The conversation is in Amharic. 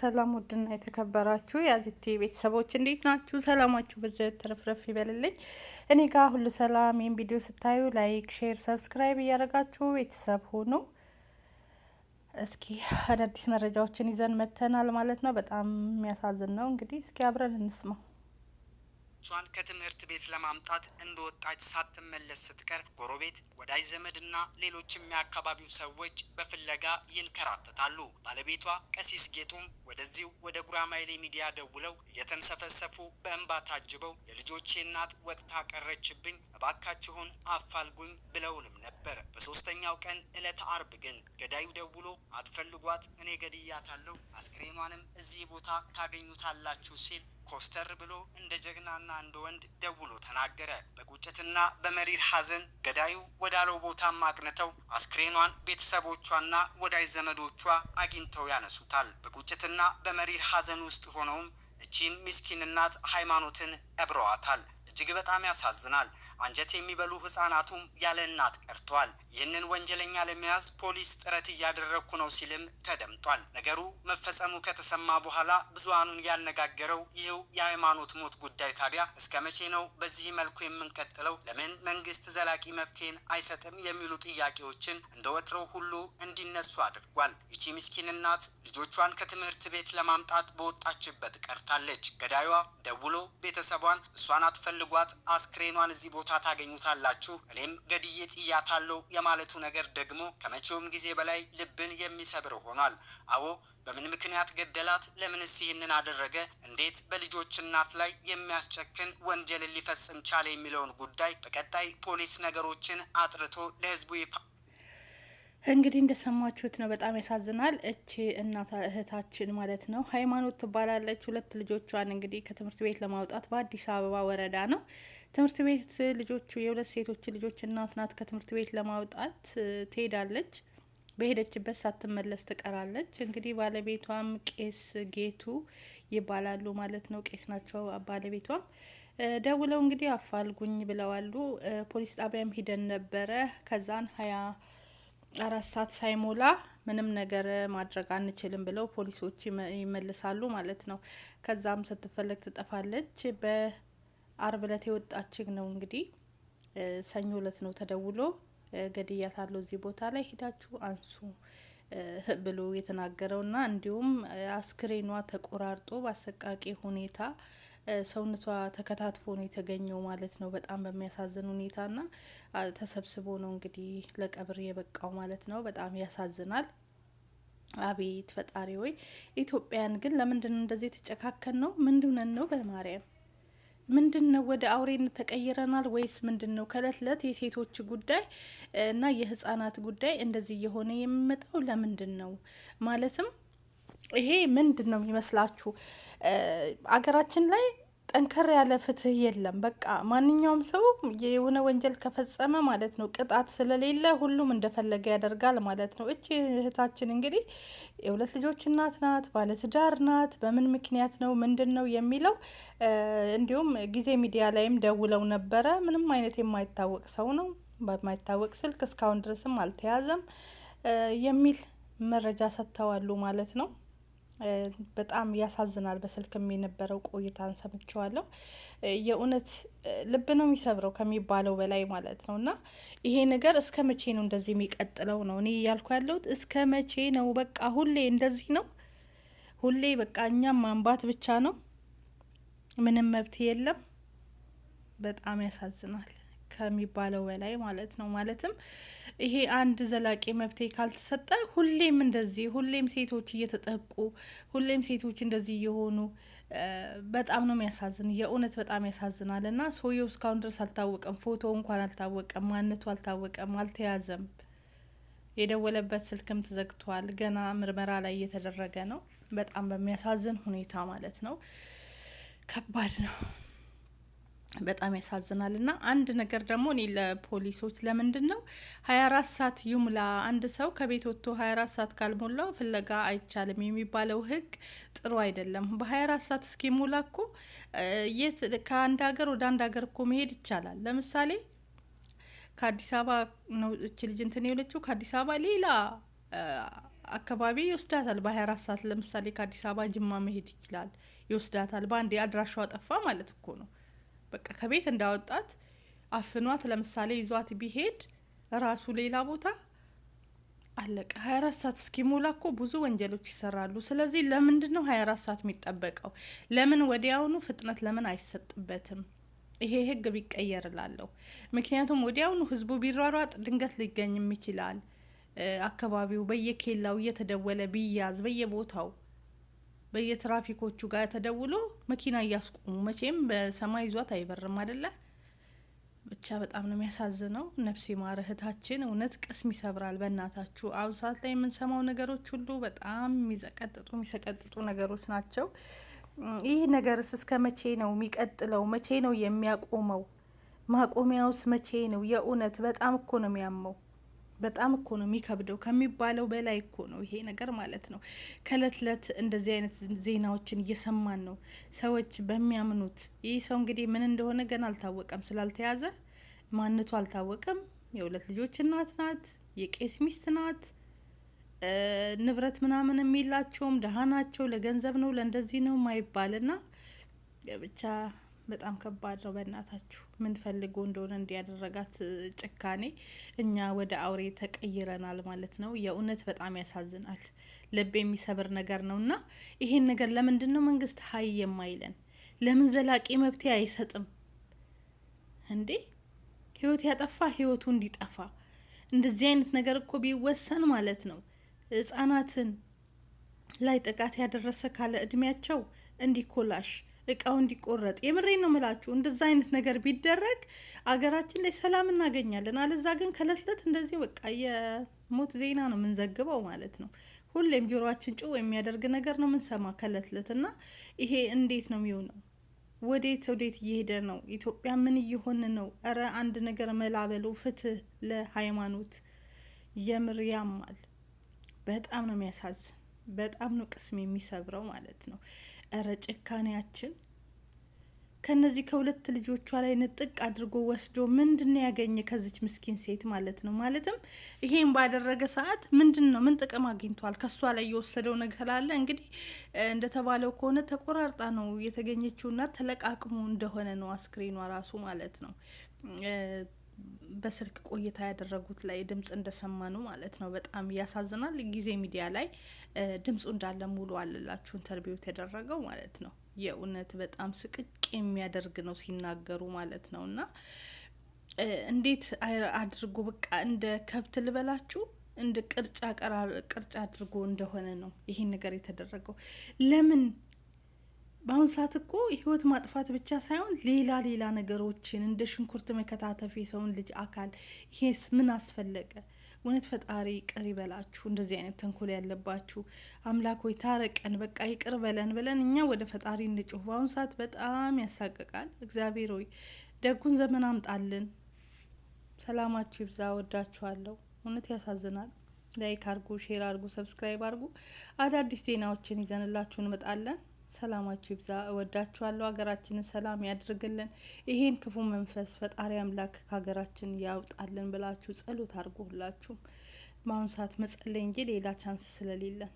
ሰላም ውድና የተከበራችሁ የአዚቲ ቤተሰቦች እንዴት ናችሁ? ሰላማችሁ በዘት ተረፍረፍ ይበልልኝ። እኔ ጋ ሁሉ ሰላም። ይህን ቪዲዮ ስታዩ ላይክ፣ ሼር፣ ሰብስክራይብ እያደረጋችሁ ቤተሰብ ሆኑ። እስኪ አዳዲስ መረጃዎችን ይዘን መተናል ማለት ነው። በጣም የሚያሳዝን ነው። እንግዲህ እስኪ አብረን እንስማው። ለማምጣት እንደወጣች ሳትመለስ ስትቀር ጎረቤት፣ ወዳጅ ዘመድና ሌሎችም የአካባቢው ሰዎች በፍለጋ ይንከራተታሉ። ባለቤቷ ቀሲስ ጌጡም ወደዚሁ ወደ ጉራማይሌ ሚዲያ ደውለው እየተንሰፈሰፉ በእንባ ታጅበው የልጆቼ እናት ወጥታ ቀረችብኝ፣ እባካችሁን አፋልጉኝ ብለውንም ነበር። በሶስተኛው ቀን እለት አርብ ግን ገዳዩ ደውሎ አትፈልጓት፣ እኔ ገድያታለሁ፣ አስክሬኗንም እዚህ ቦታ ታገኙታላችሁ ሲል ኮስተር ብሎ እንደ ጀግናና እንደ ወንድ ደውሎ ተናገረ። በቁጭትና በመሪር ሐዘን ገዳዩ ወዳለው ቦታ ማቅንተው፣ አስክሬኗን ቤተሰቦቿና ወዳጅ ዘመዶቿ አግኝተው ያነሱታል። በቁጭትና በመሪር ሐዘን ውስጥ ሆነውም እቺን ምስኪን እናት ሃይማኖትን እብረዋታል። እጅግ በጣም ያሳዝናል። አንጀት የሚበሉ ህጻናቱም ያለ እናት ቀርተዋል። ይህንን ወንጀለኛ ለመያዝ ፖሊስ ጥረት እያደረግኩ ነው ሲልም ተደምጧል። ነገሩ መፈጸሙ ከተሰማ በኋላ ብዙሃኑን ያነጋገረው ይኸው የሃይማኖት ሞት ጉዳይ ታዲያ እስከ መቼ ነው በዚህ መልኩ የምንቀጥለው? ለምን መንግስት ዘላቂ መፍትሄን አይሰጥም? የሚሉ ጥያቄዎችን እንደ ወትሮው ሁሉ እንዲነሱ አድርጓል። ይቺ ምስኪን እናት ልጆቿን ከትምህርት ቤት ለማምጣት በወጣችበት ቀርታለች። ገዳዩዋ ደውሎ ቤተሰቧን እሷን አትፈልጓት፣ አስክሬኗን እዚህ ቦታ ታገኙታላችሁ፣ እኔም ገድዬ ጥያታለሁ የማለቱ ነገር ደግሞ ከመቼውም ጊዜ በላይ ልብን የሚሰብር ሆኗል። አዎ በምን ምክንያት ገደላት? ለምንስ ይህንን አደረገ? እንዴት በልጆች እናት ላይ የሚያስጨክን ወንጀልን ሊፈጽም ቻለ? የሚለውን ጉዳይ በቀጣይ ፖሊስ ነገሮችን አጥርቶ ለህዝቡ ይፋ እንግዲህ እንደሰማችሁት ነው። በጣም ያሳዝናል። እቺ እናት እህታችን ማለት ነው ሃይማኖት ትባላለች። ሁለት ልጆቿን እንግዲህ ከትምህርት ቤት ለማውጣት በአዲስ አበባ ወረዳ ነው ትምህርት ቤት ልጆቹ የሁለት ሴቶች ልጆች እናት ናት። ከትምህርት ቤት ለማውጣት ትሄዳለች። በሄደችበት ሳትመለስ ትቀራለች። እንግዲህ ባለቤቷም ቄስ ጌቱ ይባላሉ ማለት ነው። ቄስ ናቸው ባለቤቷም ደውለው እንግዲህ አፋልጉኝ ብለዋሉ። ፖሊስ ጣቢያም ሂደን ነበረ። ከዛን ሀያ አራት ሰዓት ሳይሞላ ምንም ነገር ማድረግ አንችልም ብለው ፖሊሶች ይመልሳሉ ማለት ነው። ከዛም ስትፈለግ ትጠፋለች በ አርብ እለት የወጣችግ ነው እንግዲህ ሰኞ እለት ነው ተደውሎ ገድያታለሁ እዚህ ቦታ ላይ ሂዳችሁ አንሱ ብሎ የተናገረው ና እንዲሁም አስክሬኗ ተቆራርጦ በአሰቃቂ ሁኔታ ሰውነቷ ተከታትፎ ነው የተገኘው ማለት ነው። በጣም በሚያሳዝን ሁኔታ ና ተሰብስቦ ነው እንግዲህ ለቀብር የበቃው ማለት ነው። በጣም ያሳዝናል። አቤት ፈጣሪ ወይ! ኢትዮጵያን ግን ለምንድን እንደዚህ የተጨካከን ነው? ምንድነን ነው በማርያም ምንድን ነው ወደ አውሬ ተቀይረናል ወይስ ምንድን ነው? ከእለት እለት የሴቶች ጉዳይ እና የህጻናት ጉዳይ እንደዚህ እየሆነ የሚመጣው ለምንድን ነው? ማለትም ይሄ ምንድን ነው የሚመስላችሁ አገራችን ላይ ጠንከር ያለ ፍትህ የለም። በቃ ማንኛውም ሰው የሆነ ወንጀል ከፈጸመ ማለት ነው ቅጣት ስለሌለ ሁሉም እንደፈለገ ያደርጋል ማለት ነው። እቺ እህታችን እንግዲህ የሁለት ልጆች እናት ናት፣ ባለትዳር ናት። በምን ምክንያት ነው ምንድን ነው የሚለው እንዲሁም ጊዜ ሚዲያ ላይም ደውለው ነበረ። ምንም አይነት የማይታወቅ ሰው ነው በማይታወቅ ስልክ እስካሁን ድረስም አልተያዘም የሚል መረጃ ሰጥተዋሉ ማለት ነው። በጣም ያሳዝናል። በስልክም የነበረው ቆይታን ሰምቸዋለሁ። የእውነት ልብ ነው የሚሰብረው ከሚባለው በላይ ማለት ነው። እና ይሄ ነገር እስከ መቼ ነው እንደዚህ የሚቀጥለው ነው እኔ እያልኩ ያለሁት እስከ መቼ ነው? በቃ ሁሌ እንደዚህ ነው። ሁሌ በቃ እኛም ማንባት ብቻ ነው። ምንም መብት የለም። በጣም ያሳዝናል። ከሚባለው በላይ ማለት ነው። ማለትም ይሄ አንድ ዘላቂ መብቴ ካልተሰጠ ሁሌም እንደዚህ ሁሌም ሴቶች እየተጠቁ ሁሌም ሴቶች እንደዚህ እየሆኑ በጣም ነው የሚያሳዝን። የእውነት በጣም ያሳዝናል። እና ሰውየው እስካሁን ድረስ አልታወቀም። ፎቶ እንኳን አልታወቀም። ማንነቱ አልታወቀም። አልተያዘም። የደወለበት ስልክም ተዘግቷል። ገና ምርመራ ላይ እየተደረገ ነው። በጣም በሚያሳዝን ሁኔታ ማለት ነው። ከባድ ነው። በጣም ያሳዝናል። እና አንድ ነገር ደግሞ እኔ ለፖሊሶች ለምንድን ነው ሀያ አራት ሰዓት ይሙላ አንድ ሰው ከቤት ወጥቶ ሀያ አራት ሰዓት ካልሞላ ፍለጋ አይቻልም የሚባለው ህግ ጥሩ አይደለም። በሀያ አራት ሰዓት እስኪሞላ እኮ የት ከአንድ ሀገር ወደ አንድ ሀገር እኮ መሄድ ይቻላል። ለምሳሌ ከአዲስ አበባ ነው እች ልጅ እንትን የሆነችው ከአዲስ አበባ ሌላ አካባቢ ይወስዳታል። በሀያ አራት ሰዓት ለምሳሌ ከአዲስ አበባ ጅማ መሄድ ይችላል ይወስዳታል። በአንድ አድራሿ ጠፋ ማለት እኮ ነው በቃ ከቤት እንዳወጣት አፍኗት ለምሳሌ ይዟት ቢሄድ ራሱ ሌላ ቦታ አለቀ። ሀያ አራት ሰዓት እስኪሞላ እኮ ብዙ ወንጀሎች ይሰራሉ። ስለዚህ ለምንድን ነው ሀያ አራት ሰዓት የሚጠበቀው? ለምን ወዲያውኑ ፍጥነት ለምን አይሰጥበትም? ይሄ ህግ ቢቀየር እላለሁ። ምክንያቱም ወዲያውኑ ህዝቡ ቢሯሯጥ ድንገት ሊገኝም ይችላል። አካባቢው በየኬላው እየተደወለ ቢያዝ በየቦታው በየትራፊኮቹ ጋር ተደውሎ መኪና እያስቆሙ መቼም በሰማይ ይዟት አይበርም አደለ? ብቻ በጣም ነው የሚያሳዝነው። ነፍስ ይማር እህታችን፣ እውነት ቅስም ይሰብራል። በእናታችሁ አሁን ሰዓት ላይ የምንሰማው ነገሮች ሁሉ በጣም የሚዘቀጥጡ የሚሰቀጥጡ ነገሮች ናቸው። ይህ ነገርስ እስከ መቼ ነው የሚቀጥለው? መቼ ነው የሚያቆመው? ማቆሚያውስ መቼ ነው? የእውነት በጣም እኮ ነው የሚያመው። በጣም እኮ ነው የሚከብደው ከሚባለው በላይ እኮ ነው ይሄ ነገር ማለት ነው። ከእለት እለት እንደዚህ አይነት ዜናዎችን እየሰማን ነው። ሰዎች በሚያምኑት ይህ ሰው እንግዲህ ምን እንደሆነ ገና አልታወቀም፣ ስላልተያዘ ማንነቱ አልታወቀም። የሁለት ልጆች እናት ናት፣ የቄስ ሚስት ናት። ንብረት ምናምን የሚላቸውም ደሃ ናቸው። ለገንዘብ ነው ለእንደዚህ ነው ማይባልና ብቻ በጣም ከባድ ነው። በእናታችሁ ምን ፈልጎ እንደሆነ እንዲያደረጋት ጭካኔ፣ እኛ ወደ አውሬ ተቀይረናል ማለት ነው። የእውነት በጣም ያሳዝናል። ልብ የሚሰብር ነገር ነው እና ይሄን ነገር ለምንድን ነው መንግስት ሀይ የማይለን? ለምን ዘላቂ መብት አይሰጥም እንዴ? ህይወት ያጠፋ ህይወቱ እንዲጠፋ እንደዚህ አይነት ነገር እኮ ቢወሰን ማለት ነው ህጻናትን ላይ ጥቃት ያደረሰ ካለ እድሜያቸው እንዲኮላሽ እቃው እንዲቆረጥ የምሬን ነው ምላችሁ። እንደዛ አይነት ነገር ቢደረግ አገራችን ላይ ሰላም እናገኛለን። አለዛ ግን ከለትለት እንደዚህ በቃ የሞት ዜና ነው የምንዘግበው ማለት ነው። ሁሌም ጆሮችን ጭው የሚያደርግ ነገር ነው ምንሰማ ከለትለት እና ይሄ እንዴት ነው የሚሆነው? ወዴት ወዴት እየሄደ ነው? ኢትዮጵያ ምን እየሆን ነው? እረ አንድ ነገር መላበሉ። ፍትህ ለሃይማኖት የምር ያማል። በጣም ነው የሚያሳዝን። በጣም ነው ቅስም የሚሰብረው ማለት ነው። እረ ጭካኔያችን ከነዚህ ከሁለት ልጆቿ ላይ ንጥቅ አድርጎ ወስዶ ምንድን ያገኘ ከዚች ምስኪን ሴት ማለት ነው። ማለትም ይሄን ባደረገ ሰዓት ምንድን ነው ምን ጥቅም አግኝቷል? ከሷ ላይ የወሰደው ነገር አለ። እንግዲህ እንደተባለው ከሆነ ተቆራርጣ ነው የተገኘችውና ተለቃቅሞ እንደሆነ ነው አስክሬኗ ራሱ ማለት ነው። በስልክ ቆይታ ያደረጉት ላይ ድምጽ እንደሰማኑ ማለት ነው። በጣም ያሳዝናል። ጊዜ ሚዲያ ላይ ድምፁ እንዳለ ሙሉ አለላችሁ ኢንተርቪው የተደረገው ማለት ነው። የእውነት በጣም ስቅቅ የሚያደርግ ነው ሲናገሩ ማለት ነው። እና እንዴት አድርጎ በቃ እንደ ከብት ልበላችሁ እንደ ቅርጫ ቅርጫ አድርጎ እንደሆነ ነው ይሄን ነገር የተደረገው ለምን በአሁን ሰዓት እኮ ህይወት ማጥፋት ብቻ ሳይሆን ሌላ ሌላ ነገሮችን እንደ ሽንኩርት መከታተፍ የሰውን ልጅ አካል ይሄስ ምን አስፈለገ? እውነት ፈጣሪ ይቅር ይበላችሁ። እንደዚህ አይነት ተንኮል ያለባችሁ አምላክ ወይ ታረቀን፣ በቃ ይቅር በለን ብለን እኛ ወደ ፈጣሪ እንጩህ። በአሁኑ ሰዓት በጣም ያሳቅቃል። እግዚአብሔር ወይ ደጉን ዘመን አምጣልን። ሰላማችሁ ይብዛ። ወዳችኋለሁ። እውነት ያሳዝናል። ላይክ አርጉ፣ ሼር አርጉ፣ ሰብስክራይብ አርጉ። አዳዲስ ዜናዎችን ይዘንላችሁ እንመጣለን። ሰላማችሁ ይብዛ። እወዳችኋለሁ። ሀገራችንን ሰላም ያድርግልን። ይሄን ክፉ መንፈስ ፈጣሪ አምላክ ከሀገራችን ያውጣልን ብላችሁ ጸሎት አድርጉ። ሁላችሁም በአሁኑ ሰዓት መጸለይ እንጂ ሌላ ቻንስ ስለሌለን